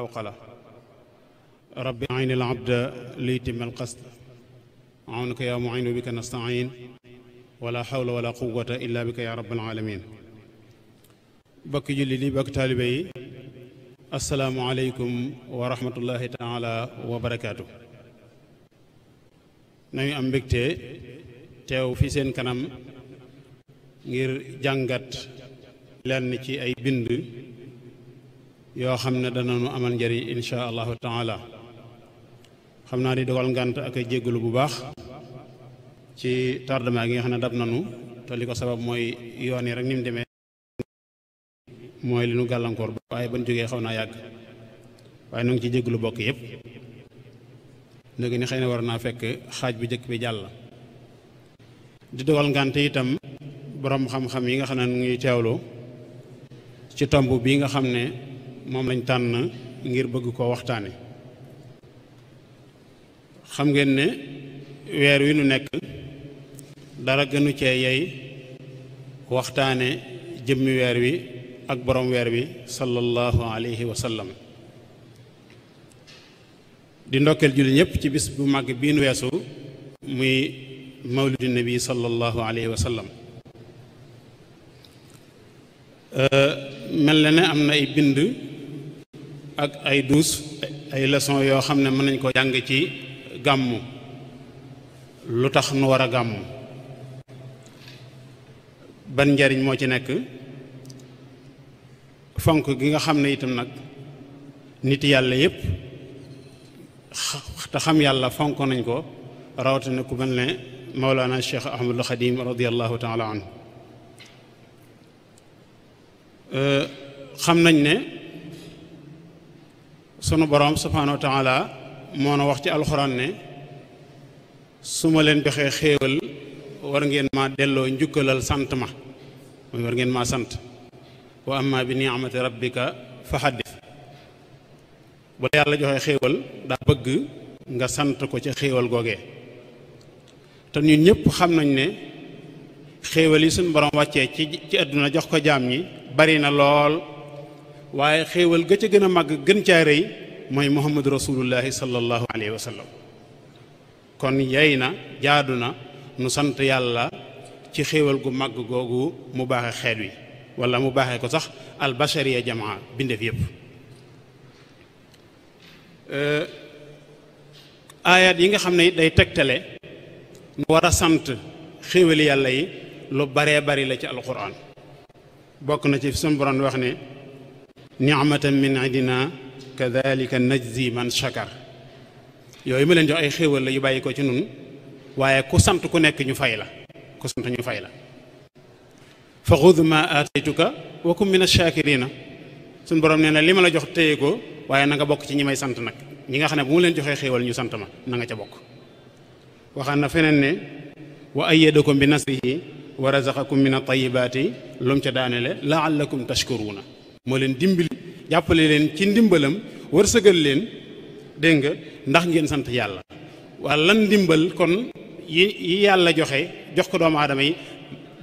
xawqala rabbi ayn al abda liitim al qasd awnaka yaa mu'in bika nastain wala xawla wala quwata illa bika yaa rabbal alamin bakki julli di bakk taalibe yi asalaamualeykum wa taala wa barakaatu nañu am mbégte teew fi seen kanam ngir jàngat lenn ci ay bind yoo xam ne dana nu amal njariñ insha allahu taala xam naa di dogal ngant ak ay jéggalu bu baax ci tardement gi nga xam ne dab nanu te li ko sabab mooy yoon yi rek ni mu demee mooy li nu gàllankoor waaye ban jógee xaw naa yàgg waaye nu ngi ci jéggalu bokk yépp léegi ni xëy na war naa fekk xaaj bu njëkk bi jàll di dogal ngànt itam boroom xam-xam yi nga xam ne nu ngi teewlu ci tomb bii nga xam ne moom lañ tànn ngir bëgg koo waxtaane xam ngeen ne weer wi nu nekk dara gënu cee yey waxtaane jëmm weer wi ak boroom weer wi sallallahu alayhi wa di ndokkeel jullit ñépp ci bis bu màgg bii nu weesu muy mawlidu nabi sallallahu alayhi wa sallam mel na ne am na ay bind ak ay douze ay leson yoo xam ne mën nañ koo jàng ci gàmmu lu tax nu war a gàmmu ban njariñ moo ci nekk fonk gi nga xam ne itam nag nit yàlla yépp te xam yàlla fonk nañ ko rawatina ku mel ne Mawlana Cheikh Ahmadul Xadim radiyallahu taala anhu xam nañ ne sunu borom subhaanahu wa taala moo na wax ci alxuraan ne su ma leen joxee xéewal war ngeen ma delloo njukkalal sant ma mooy war ngeen ma sant wa amma bi ni'mati rabbika fa xaddis bu la yàlla joxee xéewal daa bëgg nga sant ko ca xéewal googee te ñun ñëpp xam nañ ne xéewal yi suñu borom wàccee ci ci àdduna jox ko jaam ñi bari na lool waaye xéewal ga ca gën a màgg gën caa rëy mooy muhammadu rasulullahi sallallahu alayhi wa sallam kon yey na jaadu na nu sant yàlla ci xéewal gu màgg googu mu baaxe xeet wi wala mu baaxe ko sax albashariya jamaa bindeef yépp aayaat yi nga xam ne day tegtale nu war a sant xéewali yàlla yi lu baree bari la ci alquran bokk na ci sunu wax ne nicmatan min indina kadalika najzi man shakar yooyu ma leen jox ay xéewal la yu bàyyi ko ci nun waaye ku sant ku nekk ñu fay la ku sant ñu fay la fa xud ma aataytuka wa kun min ash-shakirina suñ borom nee na li ma la jox téye ko waaye na nga bokk ci ñi may sant nag ñi nga xam ne bu mu leen joxee xéewal ñu sant ma na nga ca bokk waxaan na feneen ne wa ayyadakum bi nasrihi wa razaqakum min at-tayyibati lum ca daanele la'allakum tashkuruna moo leen dimbali jàppale leen ci ndimbalam wërsëgal leen dégg nga ndax ngeen sant yàlla waa lan ndimbal kon yi yi yàlla joxe jox ko doomu aadama yi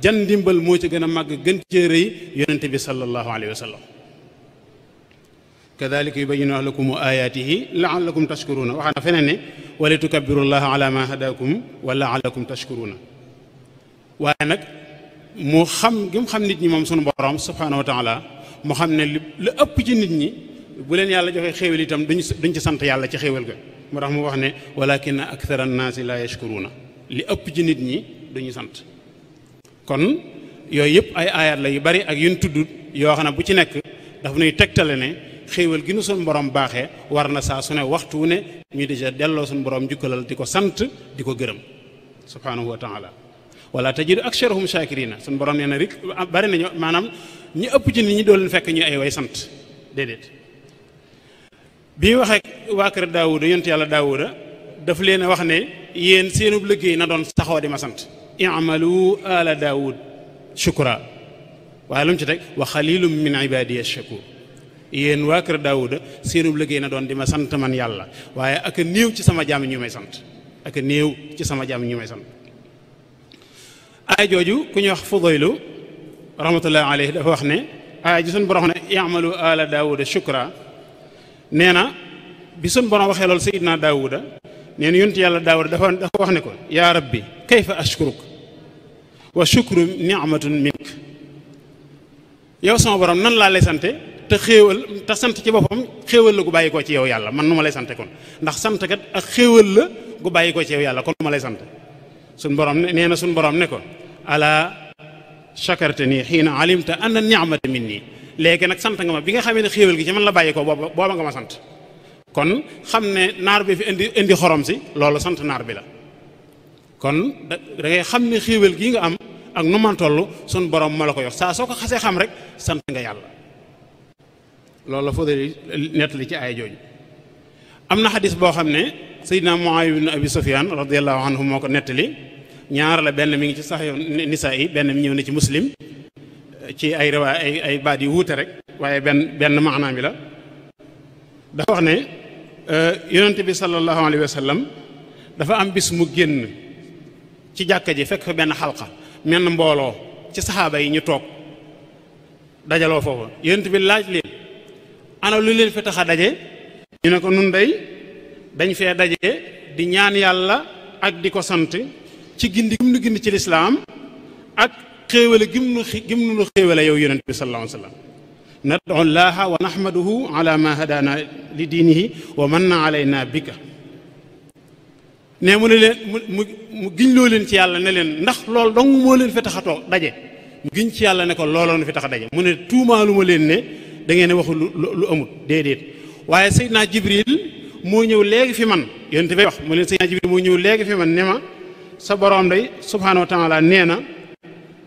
jan ndimbal moo ci gën a màgg gën cee rëy yonent bi sallallahu alayhi wa sallam kadalika yubayinu lakum ayaatihi laallakum tashkuruuna waxaa na feneen ne wala tukabbiru llaha ma hadakum wa laallakum tashkuruuna waaye nag mu xam gi xam nit ñi moom sunu borom subhanahu wa mu xam ne li ëpp ci nit ñi bu leen yàlla joxee xéewal itam duñ duñ ci sant yàlla ci xéewal ga moo tax mu wax ne walakin akthara annaasi la na li ëpp ci nit ñi duñu sant kon yooyu yëpp ay aayaat la yu bari ak yun tudd yoo xam ne bu ci nekk dafa nuy tegtale ne xéewal gi nu suñ borom baaxee war na saa su ne waxtu ne ñu déjà delloo suñ borom njukkalal di ko sant di ko gërëm subhaanahu wa taala wala tajidu aksharahum shakirina suñu borom nee na rek ah, bari nañu maanaam ñu ëpp ci nit ñi doon leen fekk ñu ay way sant déedéet bi waxee waa kër daawuda yonent yàlla daawuda daf leen a wax ne yéen seenub liggéey na doon saxoo di ma sant i'malu ala daawud shukra waaye lu mu ci teg wa xalilum min ibadiya shakur yéen waa kër seenub liggéey na doon di ma sant man yàlla waaye ak néew ci sama jaam ñu may sant ak néew ci sama jaam ñu may sant aay jooju ku ñuy wax Fudaylu rahmatullahi alayhi dafa wax ne aay ji suñ borom ne i'malu ala daawuda shukra nee na bi suñ borom waxee loolu sayidna daawuda nee na yonent yàlla daawuda dafa dafa wax ne ko yaa rabbi kayfa ashkuruk wa shukru ni'matun mink yow sama borom nan laa lay sante te xéewal te sant ci boppam xéewal la gu bàyyi koo ci yow yàlla man nu ma lay sante kon ndax sant kat ak xéewal la gu bàyyi koo ci yow yàlla kon ma lay sant suñ borom nee na suñ borom ne ko ala shakartani xiina alimta anna ni'mata nii léegi nag sant nga ma bi nga xamee ne xéewal gi ci man la bàyyi ko booba booba nga ma sant kon xam ne naar bi fi indi indi xorom si loolu sant naar bi la kon da dangay xam ne xéewal gii nga am ak nu ma toll sun borom ma la ko yox saa soo ko xasee xam rek sant nga yàlla loolu la Fodé nettali ci ay jooju am na xadis boo xam ne Seydina Muawiya ibn Abi Sufyan radiyallahu anhu moo ko nettali ñaar la benn mi ngi ci saxiix nisaa yi benn mi ñëw na ci muslim ci ay riwaa ay baat yu wuute rek waaye benn benn maanaam bi la dafa wax ne euh, yonent bi sallallahu alayhi wa sallam dafa am bis mu ci jàkka ji fekk benn xalqa menn mbooloo ci saxaaba yi ñu toog dajaloo foofu yonent bi laaj leen ana lu leen fi tax a daje ñu ne ko nun day dañ fee daje di ñaan yàlla ak di ko sant ci gindi gim nu gindi ci lislaam ak xéewale gim nu gim nu xéewale yow yonent bi sallallahu alayhi wa sallam nadu llaha wa nahmaduhu ala ma hadaana li diinihi wa manna alayna bika ne mu ne leen mu mu giñ loo leen ci yàlla ne leen ndax lool dong moo leen fi tax a daje mu giñ ci yàlla ne ko looloon na fi tax daje mu ne tuumaalu ma leen ne da ngeen waxu lu lu amut déedéet waaye Seydina Jibril moo ñëw leegi fi man yonent bi wax mu leen Seydina Jibril moo ñëw léegi fi man ne ma sa boroom day subhaanahu wa taala nee na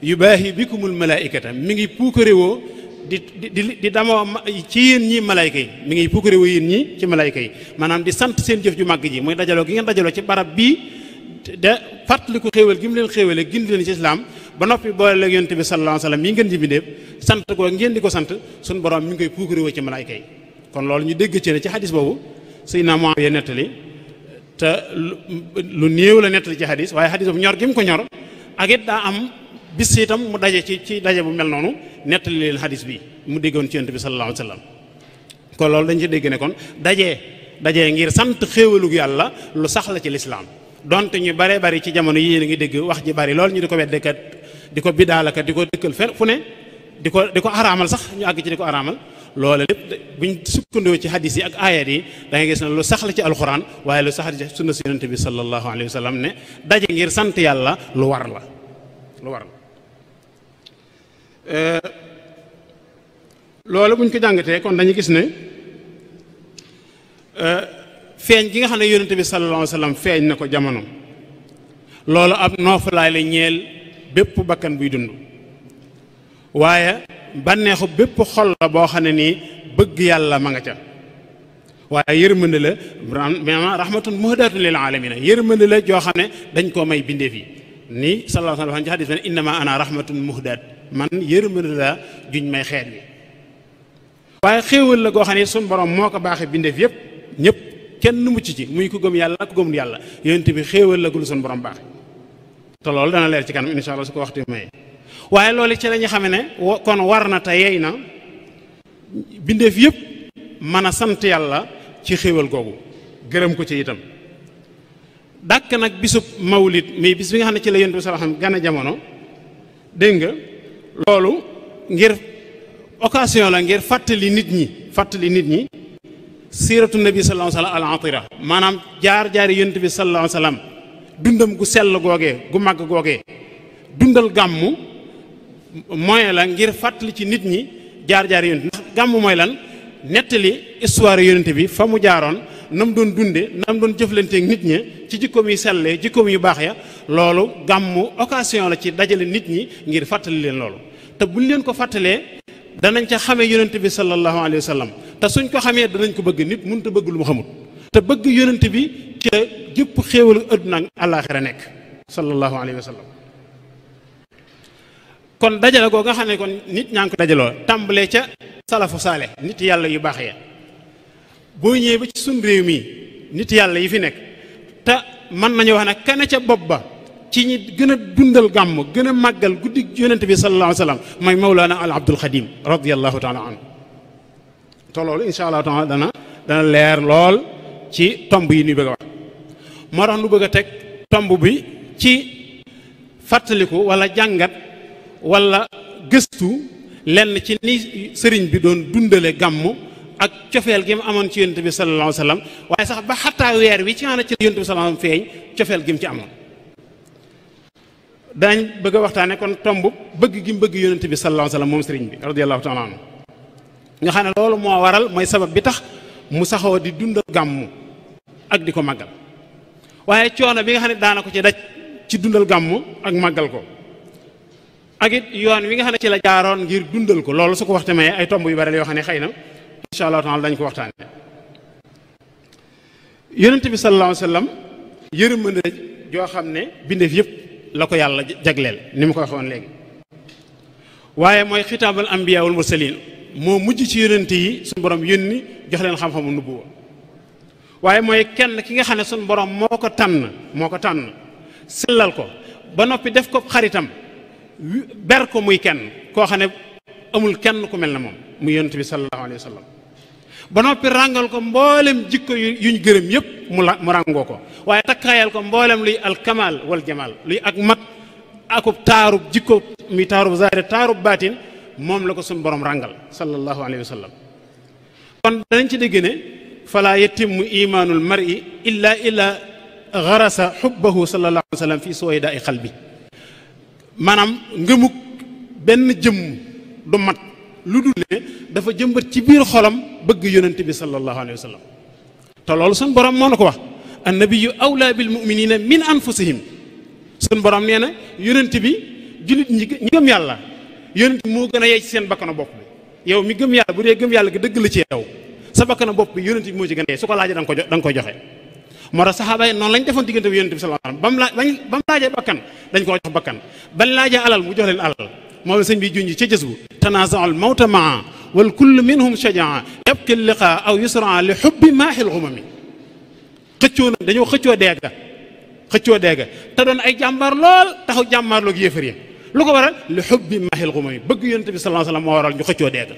yubaahi bikumul malaaikata mi ngi puukarewoo di di di damoo ci yéen ñi malayka yi mi ngi puukarewoo yéen ñi ci malayka yi maanaam di sant seen jëf ju màgg ji mooy dajaloo gi ngeen dajaloo ci barab bii de fàttaliku xéewal gi mu leen xéewale gindi leen ci islaam ba noppi boo la yonte bi sallallahu alayhi wa sallam yi ngeen ji bindéef sant ko ngeen di ko sant suñu boroom mi ngi koy puukarewoo ci malayka yi kon loolu ñu dégg boobu te lu néew la nettali ci xadis waaye xadis bu ñor gi mu ko ñor ak it daa am bis itam mu daje ci ci daje bu mel noonu nettali leen xadis bi mu déggoon ci yonent bi sallallahu alayhi wa sallam kon loolu dañ ci dégg ne kon daje dajee ngir sant xéewalug yàlla lu sax la ci lislaam donte ñu bare bari ci jamono yi yéen ngi dégg wax ji bari loolu ñu di ko weddekat di ko bidaalakat di ko dëkkal fer fu ne di ko di ko araamal sax ñu àgg ci di ko araamal loole lépp buñ sukkandoo ci hadis yi ak aayat yi da gis ne lu sax ci alxuraan waaye lu sax la ci sunna si yonente bi sallallahu alayhi wa daje ngir sant yàlla lu war la lu war eh, buñ ko jàngatee kon dañu gis ne eh, feeñ gi nga xam ne yonente bi sallallahu alayhi wa feeñ na ko jamono loolu ab noofalaay ñeel bépp bakkan buy dund waaye banneexu bépp xol la boo xam ne nii bëgg yàlla ma nga ca waaye yërmande la maanaam rahmatun muhdatun lil alamina yërmande la joo xam ne dañ koo may bindeef yi ni sallallahu alayhi wa sallam ci xadis ne innama ana rahmatun muhdat man yërmande la juñ may xeet bi waaye xéewal la goo xam ne suñ borom moo ko baaxee bindeef yëpp ñëpp kenn mucc ci muy ku gëm yàlla ku gëmul yàlla yonent bi xéewal la gul suñ borom baax te loolu dana leer ci kanam insha allah su ko waxtu mayee waaye loolu ci lañu ñu xame ne kon war na te yey na bindeef yëpp mën a sant yàlla ci xéewal googu gërëm ko ci itam dàkk nag bisub mawlid mii bis bi nga xam ne ci la yonent bi sallallahu alayhi wasallam jamono dégg nga loolu ngir occasion la ngir fàttali nit ñi fàttali nit ñi siiratu nabi sallallahu la wasallam al atira maanaam jaar-jaari yonent bi sallallahu alayhi dundam gu sell googee gu màgg googee dundal gàmmu moyen la ngir fàttali ci nit ñi jaar-jaar yonent ndax gàmm mooy lan nettali histoire yonent bi fa mu jaaroon nam doon dunde nam doon jëflanteek nit ñi ci jikkoom yu sellee jikkoom yu baax ya loolu gàmm occasion la ci dajale nit ñi ngir fàttali leen loolu te buñ leen ko fàttalee danañ ca xamee yonent bi sallallahu alayhi wa sallam te suñ ko xamee danañ ko bëgg nit mënut a bëgg lu mu xamut te bëgg yonent bi ca jëpp xéewalu àdduna ak àllaaxira nekk sallallahu alayhi kon dajale koo nga xam ne kon nit ñaa ngi ko dajaloo tàmbalee ca salafu saale nit yàlla yu baax ya boo ñëwee ba ci suñ réew mii nit yàlla yi fi nekk te mën nañu wax na kenn ca bopp ba ci ñi gën a dundal gàmm gën a màggal guddi yonent bi sallallahu alayhi wa sallam mooy mawlaana al abdul xadim radiallahu taala anhu te insha allah taala dana dana leer lool ci tomb yi ñuy bëgg a wax moo tax nu bëgg a teg tomb bi ci fàttaliku wala jàngat wala gëstu lenn ci ni sëriñ bi doon dundale gàmmu ak cofeel gi mu amoon ci yonent bi sallallahu alayhi wa sallam waaye sax ba xattaa weer wi ci maanaam ci yonent bi sallallahu alayhi gi mu ci amoon daañ bëgg a waxtaane kon tomb bëgg gi bëgg yonent bi sallallahu alayhi wa sallam moom sëriñ bi radiyallahu taala anhu nga xam ne loolu moo waral mooy sabab bi tax mu saxoo di dundal gàmmu ak di ko màggal waaye coono bi nga xam ne daana ko ci daj ci dundal gàmmu ak màggal ko ak yoon wi nga xam ne ci la jaaroon ngir dundal ko loolu su ko waxte maye ay tomb yu bari yoo xam ne xëy na insha allah taala dañ ko waxtaane yonent bi sallallahu alayhi wa sallam yërmande xam ne bindeef yëpp la ko yàlla jagleel ni mu ko waxoon léegi waaye mooy xitaabal ambiya wal moo mujj ci yonent yi suñu borom yónni jox leen xam-xamu nubuwa waaye mooy kenn ki nga xam ne suñu borom moo ko tànn moo ko tànn sellal ko ba noppi def ko xaritam ber ko muy kenn koo xam ne amul kenn ku mel ne moom muy yonent bi sallallahu alayhi wa ba noppi ràngal ko mboolem jikko yu gërëm yëpp mu la mu ràngoo ko waaye takkaayal ko mboolem luy alkamal wal jamal luy ak mat akub taarub jikko muy taarub zaahir taarub baatin moom la ko suñ borom ràngal sallallahu alayhi wa sallam kon danañ ci dégg ne falaa yatimu imaanul mar'i illa illa garasa xubbahu sallallahu alayhi wa fi suwaydaa i xalbi maanaam ngëmug benn jëm du mat lu dul ne dafa jëmbat ci biir xolam bëgg yonent bi sallallahu alayhi wa sallam te loolu suñ borom moo na ko wax annabiyu awla bil muminina min anfusihim suñ borom nee na yonent bi jullit ñi ñi gëm yàlla yonent bi moo gën a yey ci seen bakkanu bopp bi yow mi gëm yàlla bu dee gëm yàlla gi dëgg la ci yow sa bakkanu bopp bi yonent bi moo ci gën a yey su ko laajee da nga ko joxe moo tax saxaaba yi noonu lañ defoon diggante bi yonent bi sallallahu alayhi wasallam ba mu ba mu laajee bakkan dañ koo jox bakkan bañ laajee alal mu jox leen alal moom la sëñ bi junj ca jës bu tanaazaul mawta maa wal kullu minhum shajaa yabki liqa aw yusra li xubbi maaxil xumami xëccoo na dañoo xëccoo deega xëccoo deega te doon ay jàmbaar lool taxaw jàmbaarloog yéefar yi lu ko waral li xubbi maaxil xumami bëgg yonent bi sallallahu alayhi wasallam moo waral ñu xëccoo deega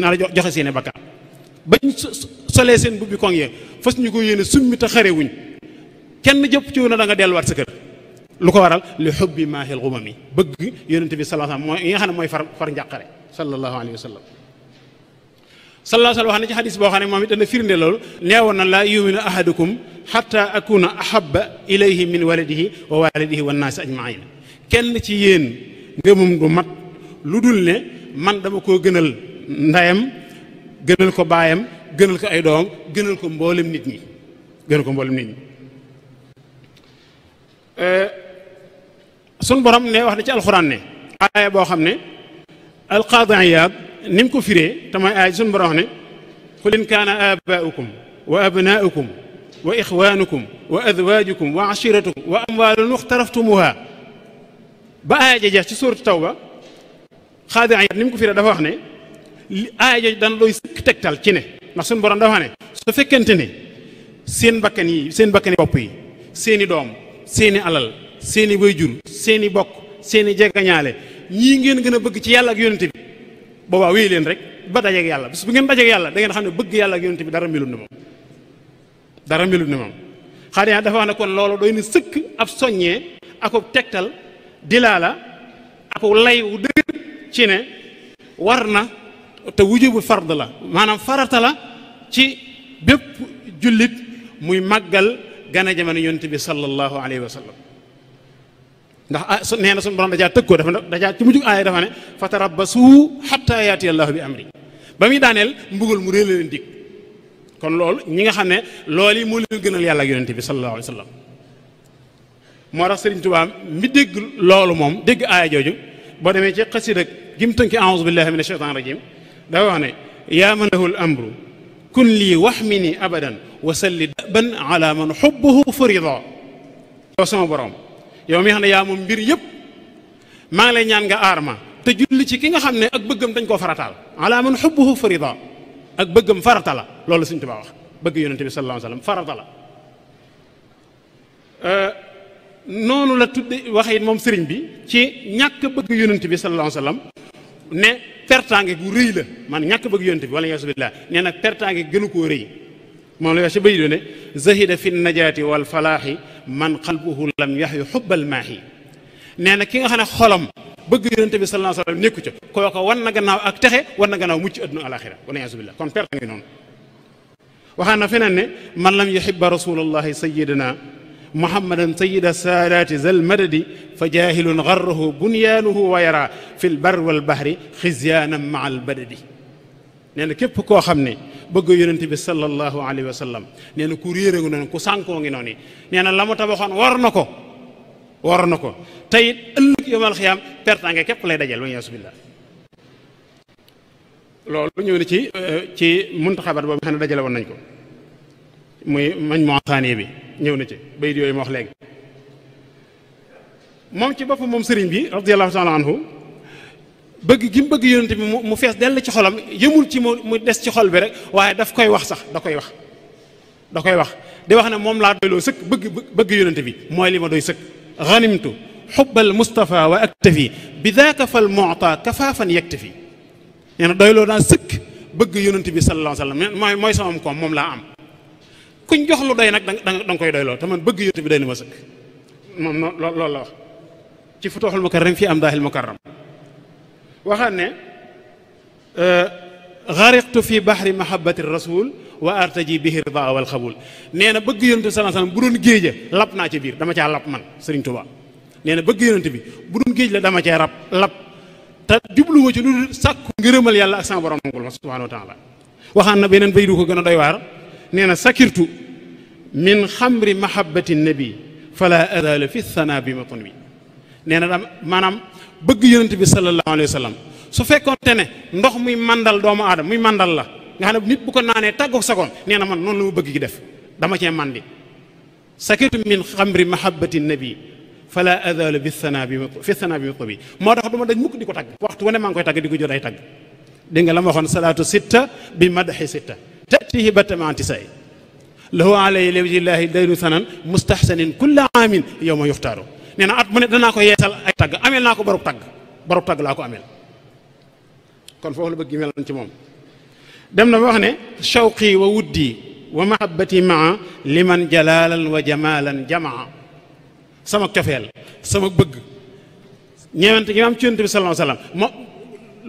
nar a joxe seeni bakkan bañ solee seen bubbi koŋ ya fas ñu ko yéene summi xare wuñ kenn jëpp ci woon da nga delluwaat sa kër lu ko waral li xubbi maahil xumami bëgg yonente bi sallallahu alayhi wa mooy yi nga xam ne mooy far far njàqare sallallahu alayhi wa sallam sallallahu alayhi wa sallam ci xadis boo xam ne moom it dana firnde loolu neewoon na laa yuminu ahadukum xata akuna ahaba ilayhi min waladihi wa walidihi wa naasi ajmaina kenn ci yéen ngëmum du mat lu dul ne man dama koo gënal ndayam gënal ko baayam gënal ko ay doom gënal ko mboolem nit ñi gënal ko mboolem nit ñi eh, sun borom ne wax na ci alxuraan ne aaya boo xam ne alqaadi Iyaad ni ko firee te mooy aaya sun borom wax ne qul in kaana aabaa'ukum wa abnaa'ukum wa ixwaanukum wa azwaajukum wa ashiratukum wa ba aaya ja jeex ci suuratu taw qaadi Iyaad ni mu ko firee dafa wax ne li aaya jooju daan looy sëkk tegtal ci ne ndax suñu borom dafa ne su fekkente ne seen bakkan yi seen bakkan yi bopp yi seeni doom seeni alal seeni wayjur seeni bokk seeni jegañaale ñii ngeen gën a bëgg ci yàlla ak yonente bi boobaa wéy leen rek ba dajeeg yàlla bis bu ngeen dajeeg yàlla da xam ne bëgg yàlla ak yonente bi dara melul ne moom dara melul ne moom xanaa dafa ne kon loolu doy na sëkk ab soññee akub tegtal dilaa la ak lay wu dëgg ci na te wujubul fard la maanaam farata la ci bépp jullit muy màggal gane jamono yonent bi sallallahu alayhi wa sallam ndax ah, nee na suñu borom dajaa tëg koo dafa dajaa ci mujjug aaya dafa ne fatarabasu xatta yaati allahu bi amri ba muy daaneel mbugal mu réela leen dig kon loolu ñi nga xam ne lool yi moo leen gënal yàlla ak yonent bi sallallahu alayhi wa sallam moo tax Sëriñ Tuubaa mi dégg loolu moom dégg aaya jooju boo demee ci xasida gi mu tënki a'uuzu billahi mina shaytaani rajim daa wax ne yaa man lahu amru kun lii waxmini abadan wa salli daban ala man xubbuhu furida yow sama borom yow mi xam ne yaa moom mbir yëpp maa ngi lay ñaan nga aar ma te julli ci ki nga xam ne ak bëggam dañ koo farataal ala man xubbuhu furida ak bëggam loolu Sëñ Tuubaa bëgg yonente bi sallallahu alayhi wa la euh, noonu la tudde waxe moom sëriñ bi ci ñàkk bëgg yonente bi sallallahu alayhi sallam ne pertaange gu rëy la man ñàkk bëgg yonte bi wala yaasu billah nee na pertaange gënu koo rëy moom la wax ci bay doone zahida fi najaati wal falaaxi man qalbuhu lam yaxyu xubbal maaxi nee ki nga xam ne xolam bëgg yonente bi sallallahu alayhi wa sallam nekku ca kooka wan na gannaaw ak texe wan na gannaaw mucc adduna alaxira wala yaasu billah kon pertaange noonu waxaan na feneen ne man lam yuhibba rasulallahi sayidina محمدا سيد السادات ذا المدد فجاهل غره بنيانه ويرى في البر والبحر خزيانا مع البدد nee na képp koo xam ne bëgg yonent bi sallallahu alayhi wa sallam nee na ku réere ngi noonu ku sànkoo ngi noonu nee na la mu war na ko war na ko teyit ëllëg yowmal xiyaam pertange képp lay dajal wañu yasubillah loolu ñëw na ci euh, ci muntaxabat boobu nga xam dajale woon nañ ko muy mañ moo saani bi ñëw na ci bayit yooyu ma wax léegi moom ci boppam moom sëriñ bi radiyallahu taala anhu bëgg gi mu bëgg yonent mu fees dell ci xolam yëmul ci mu des xol bi rek waaye daf koy wax sax da koy wax da koy wax di wax ne moom laa doyloo sëkk bëgg bëgg yonent bi mooy li ma doy sëkk ganimtu xubbal mustafa wa aktafi bi daaka fal muta kafaafan yaktafi nee na doyloo naa sëkk bëgg yonent bi sallallahu alayhi wa sallam mooy mooy koom moom laa am kuñ jox lu doy nag da nga koy doy loo te man bëgg yonent bi doy na ma sëkk moom loolu la lool ci futuuxul mukarram fii am daahil mukarram waxaat ne xariqtu euh, fi bahri mahabbati rasul wa artaji bihi ridaa wal xabul nee na bëgg yonent bi bu doon géeja naa ci biir dama caa lap man Sëriñ Tuubaa nee bëgg yonent bi bu géej la dama cee rab lap te jubluwa ci lu sàkku ngërëmal yàlla ak sama beneen bay du ko gën a doy waar nee na sakirtu min xamri mahabbati nabi fala azala fi sana bi ma na dam maanaam bëgg yonent bi sallallahu alayhi wa sallam su fekkoonte ne ndox muy mandal doomu aadama muy mandal la nga xam ne nit bu ko naanee tàggook nee na man noonu la bëgg gi def dama cee mandi sakirtu min xamri mahabbati nabi fala azaalu bi sanaa bi ma fi sanaa bi ma ko bi moo tax du ma dañ mukk ko tagg waxtu wane maa ngi koy tagg ko jot ay tagg dégg nga la ma waxoon salaatu sitta bi madaxi sitta تأتيه بتم انتسائي lahu alay lawjillaahi dayru sanan mustahsanin kulla yow ma yuftaaru nee mu ne danaa ko yeesal ay tagg ameel naa ko barub tagg barub tagg laa ko ameel kon foofu la bëgg meloon ci moom dem na ba wax ne shawqi wa wuddi wa mahabbati maa liman jalaalan wa jamaalan jamaa sama cofeel sama bëgg ñeewante gi ma am ci yonent bi sallallahu alayhi wasallam moo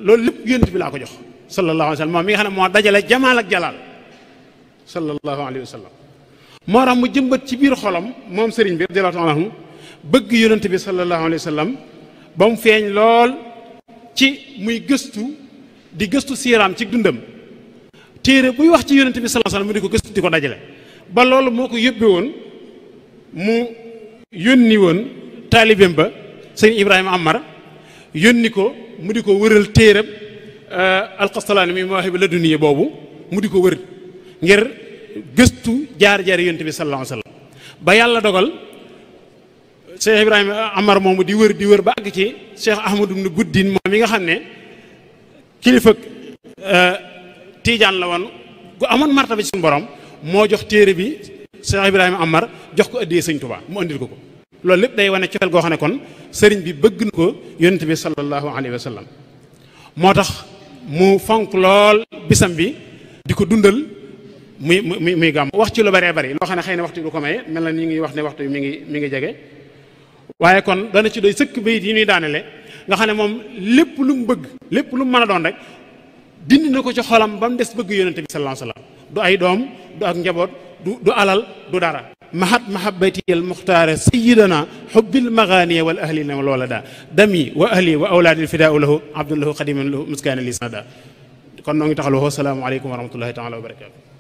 loolu lépp yonent bi laa ko jox sallallahu alayhi wasallam moom mi nga xam ne moo dajale jamaal ak jalaal sallallahu alayhi wa moo tax mu jëmbat ci biir xolom moom sëriñ bi radiyallahu anhu bëgg yonent bi sallallahu alayhi ba mu feeñ lool ci muy gëstu di gëstu siiraam ci dundam téere buy wax ci yonent bi sallallahu alayhi mu di ko gëstu di ko dajale ba loolu moo ko yóbbe woon mu yónni woon taalibeem ba sëriñ Ibrahima Amar yónni ko mu di ko wëral téerab euh, alxastalaani mi mawaahibu ladunniya boobu mu di ko wër ngir gëstu jaar-jaar yonent bi sallallahu alayhi wa sallam ba yàlla dogal Cheikh Ibrahima Amar moomu di wër di wër ba àgg ci Cheikh Ahmadou ibn Guddin moom mi nga xam ne kilifa euh, Tiijaan la woon gu amoon martaba ci suñu borom moo jox téere bi Cheikh Ibrahima Amar jox ko addiyee Sëñ Tuubaa mu andil ko ko loolu lépp day wane cofeel goo xam ne kon sëriñ bi bëgg na ko yonent bi sallallahu alayhi wa sallam moo tax mu fonk lool bisam bi di ko dundal muy muy mu gàmm wax ci lu bëree bëri loo xam ne xëy na waxtu bi du ngi wax ne waxtu bi mi ngi mi ngi jege waaye kon dana ci doy sëkk bayit yi ñuy daanele nga xam ne moom lépp lu mu bëgg lépp lu mu mën a doon rek dindi na ko ci xolam ba mu des bëgg yonente bi sallallahu alayhi wasallam du ay doom du njaboot du du alal du dara mahat mahabatiyal muxtaara sayidana xubbil maganiya wal ahli na loola daa dami wa ahli wa awlaadil fidaau lahu abdullahu xadiman lahu muskaana li sanada kon noo ngi taxalu wa salaamu aleykum wa rahmatullahi taala wa barakatu